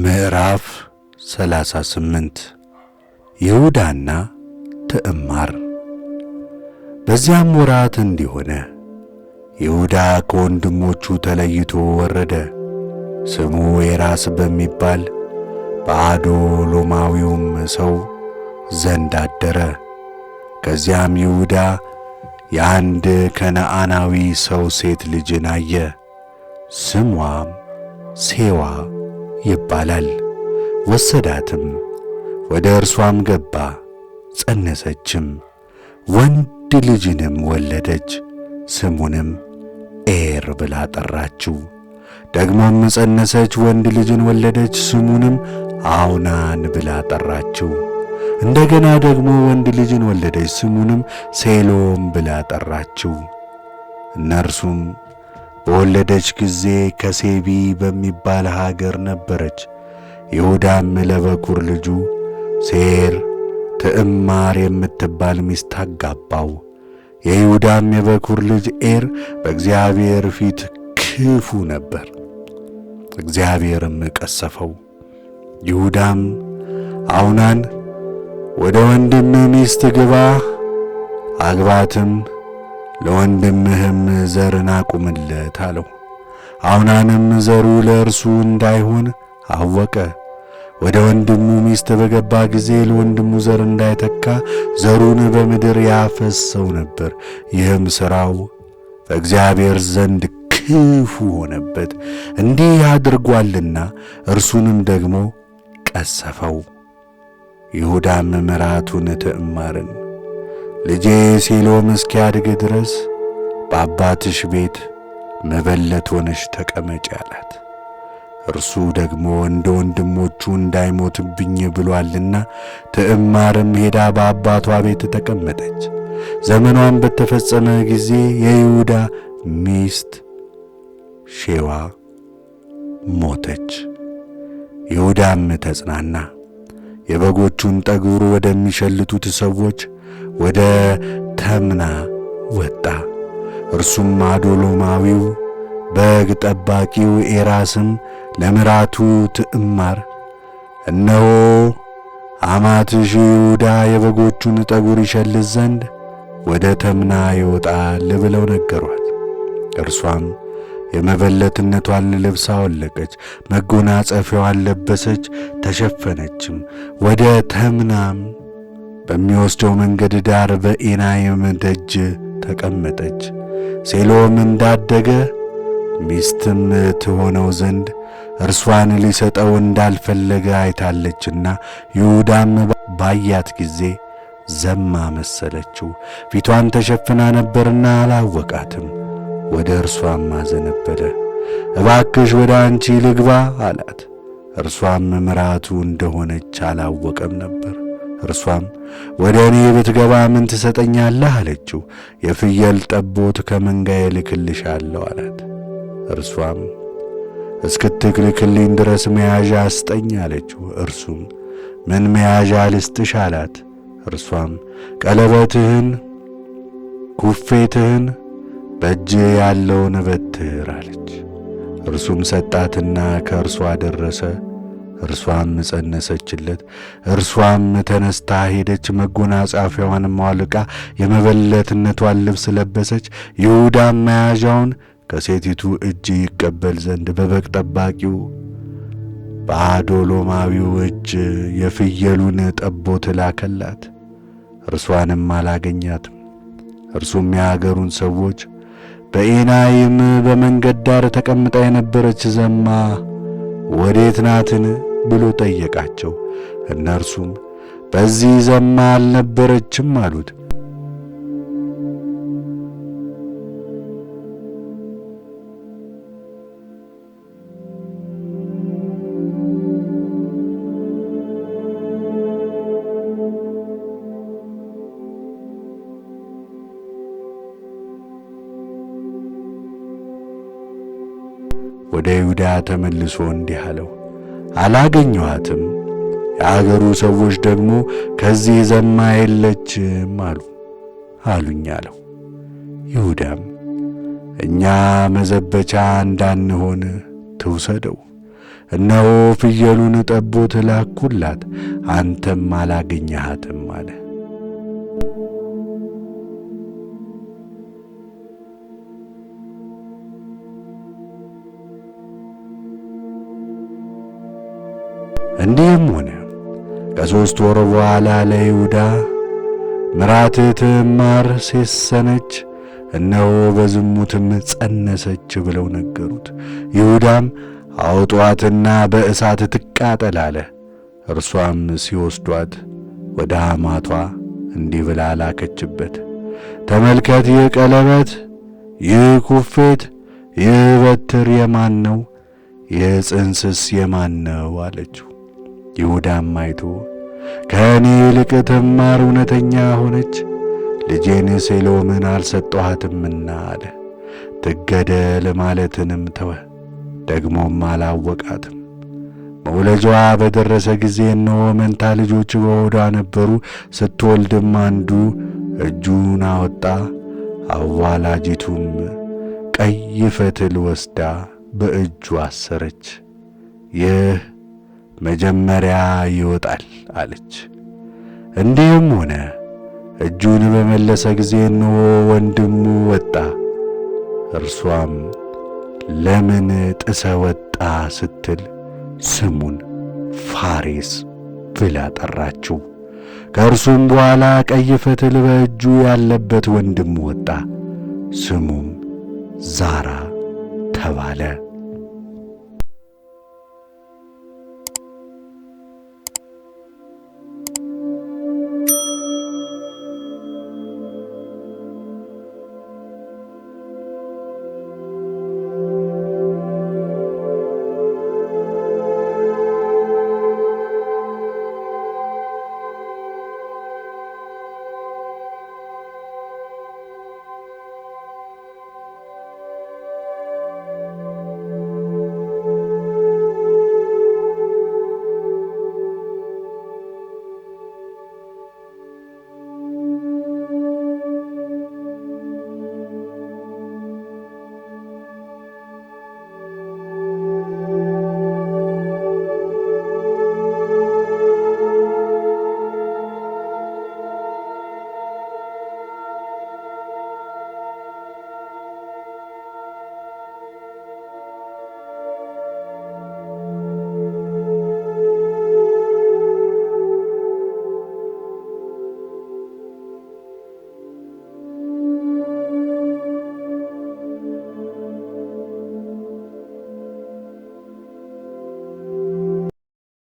ምዕራፍ 38 ይሁዳና ትዕማር። በዚያም ወራት እንዲሆነ ይሁዳ ከወንድሞቹ ተለይቶ ወረደ። ስሙ የራስ በሚባል በአዶሎማዊውም ሰው ዘንድ አደረ። ከዚያም ይሁዳ የአንድ ከነዓናዊ ሰው ሴት ልጅን አየ። ስሟም ሴዋ ይባላል። ወሰዳትም፣ ወደ እርሷም ገባ፣ ጸነሰችም፣ ወንድ ልጅንም ወለደች። ስሙንም ኤር ብላ ጠራችው። ደግሞም ጸነሰች፣ ወንድ ልጅን ወለደች። ስሙንም አውናን ብላ ጠራችው። እንደገና ደግሞ ወንድ ልጅን ወለደች። ስሙንም ሴሎም ብላ ጠራችው። እነርሱም በወለደች ጊዜ ከሴቢ በሚባል ሀገር ነበረች። ይሁዳም ለበኩር ልጁ ሴር ትዕማር የምትባል ሚስት አጋባው። የይሁዳም የበኩር ልጅ ኤር በእግዚአብሔር ፊት ክፉ ነበር፣ እግዚአብሔርም ቀሰፈው። ይሁዳም አውናን ወደ ወንድም ሚስት ግባ አግባትም ለወንድምህም ዘርን አቁምለት አለው። አውናንም ዘሩ ለእርሱ እንዳይሆን አወቀ። ወደ ወንድሙ ሚስት በገባ ጊዜ ለወንድሙ ዘር እንዳይተካ ዘሩን በምድር ያፈሰው ነበር። ይህም ሥራው በእግዚአብሔር ዘንድ ክፉ ሆነበት፣ እንዲህ አድርጓልና እርሱንም ደግሞ ቀሰፈው። ይሁዳም ምራቱን ትዕማርን ልጄ ሴሎም እስኪያድግ ድረስ በአባትሽ ቤት መበለት ሆነሽ ተቀመጭ አላት። እርሱ ደግሞ እንደ ወንድሞቹ እንዳይሞትብኝ ብሏልና ትዕማርም ሄዳ በአባቷ ቤት ተቀመጠች። ዘመኗን በተፈጸመ ጊዜ የይሁዳ ሚስት ሼዋ ሞተች። ይሁዳም ተጽናና፣ የበጎቹን ጠጉር ወደሚሸልቱት ሰዎች ወደ ተምና ወጣ። እርሱም አዶሎማዊው በግ ጠባቂው ኤራስም ለምራቱ ትዕማር እነሆ አማትሽ ይሁዳ የበጎቹን ጠጉር ይሸልት ዘንድ ወደ ተምና ይወጣል ብለው ነገሯት። እርሷም የመበለትነቷን ልብስ አወለቀች፣ መጎናጸፊያዋን ለበሰች፣ ተሸፈነችም። ወደ ተምናም በሚወስደው መንገድ ዳር በኤናይም ደጅ ተቀመጠች። ሴሎም እንዳደገ ሚስትም ትሆነው ዘንድ እርሷን ሊሰጠው እንዳልፈለገ አይታለችና፣ ይሁዳም ባያት ጊዜ ዘማ መሰለችው፣ ፊቷን ተሸፍና ነበርና አላወቃትም። ወደ እርሷም አዘነበለ። እባክሽ ወደ አንቺ ልግባ አላት። እርሷም ምራቱ እንደሆነች አላወቀም ነበር። እርሷም ወደ እኔ ብትገባ ምን ትሰጠኛለህ አለችው። የፍየል ጠቦት ከመንጋዬ ልክልሻለሁ አላት። እርሷም እስክትልክልኝ ድረስ መያዣ አስጠኝ አለችው። እርሱም ምን መያዣ ልስጥሽ አላት። እርሷም ቀለበትህን፣ ኩፌትህን፣ በእጅ ያለውን በትር አለች። እርሱም ሰጣትና ከእርሷ ደረሰ። እርሷም ጸነሰችለት። እርሷም ተነስታ ሄደች፣ መጎናጻፊያዋንም አውልቃ የመበለትነቷን ልብስ ለበሰች። ይሁዳም መያዣውን ከሴቲቱ እጅ ይቀበል ዘንድ በበግ ጠባቂው በአዶሎማዊው እጅ የፍየሉን ጠቦት ላከላት። እርሷንም አላገኛትም። እርሱም የአገሩን ሰዎች በኤናይም በመንገድ ዳር ተቀምጣ የነበረች ዘማ ወዴት ናትን? ብሎ ጠየቃቸው። እነርሱም በዚህ ዘማ አልነበረችም አሉት። ወደ ይሁዳ ተመልሶ እንዲህ አለው። አላገኘኋትም። የአገሩ ሰዎች ደግሞ ከዚህ ዘማ የለችም አሉ አሉኝ አለው። ይሁዳም እኛ መዘበቻ እንዳንሆን ትውሰደው፣ እነሆ ፍየሉን ጠቦት ላኩላት፣ አንተም አላገኘሃትም አለ። እንዲህም ሆነ ከሦስት ወር በኋላ ለይሁዳ ምራትህ ትዕማር ሴሰነች፣ እነሆ በዝሙትም ጸነሰች ብለው ነገሩት። ይሁዳም አውጧትና በእሳት ትቃጠል አለ። እርሷም ሲወስዷት ወደ አማቷ እንዲህ ብላ ላከችበት፣ ተመልከት፣ ይህ ቀለበት፣ ይህ ኩፌት፣ ይህ በትር የማን ነው? ይህ ጽንስስ የማን ነው? አለችው። ይሁዳም አይቶ ከእኔ ይልቅ ትዕማር እውነተኛ ሆነች፣ ልጄን ሴሎምን አልሰጠኋትምና አለ። ትገደል ማለትንም ተወ። ደግሞም አላወቃትም። መውለጃዋ በደረሰ ጊዜ እነሆ መንታ ልጆች በሆዷ ነበሩ። ስትወልድም አንዱ እጁን አወጣ። አዋላጂቱም ቀይ ፈትል ወስዳ በእጁ አሰረች። ይህ መጀመሪያ ይወጣል አለች። እንዲህም ሆነ። እጁን በመለሰ ጊዜ እንሆ ወንድሙ ወጣ። እርሷም ለምን ጥሰ ወጣ ስትል ስሙን ፋሬስ ብላ ጠራችው። ከእርሱም በኋላ ቀይ ፈትል በእጁ ያለበት ወንድሙ ወጣ፣ ስሙም ዛራ ተባለ።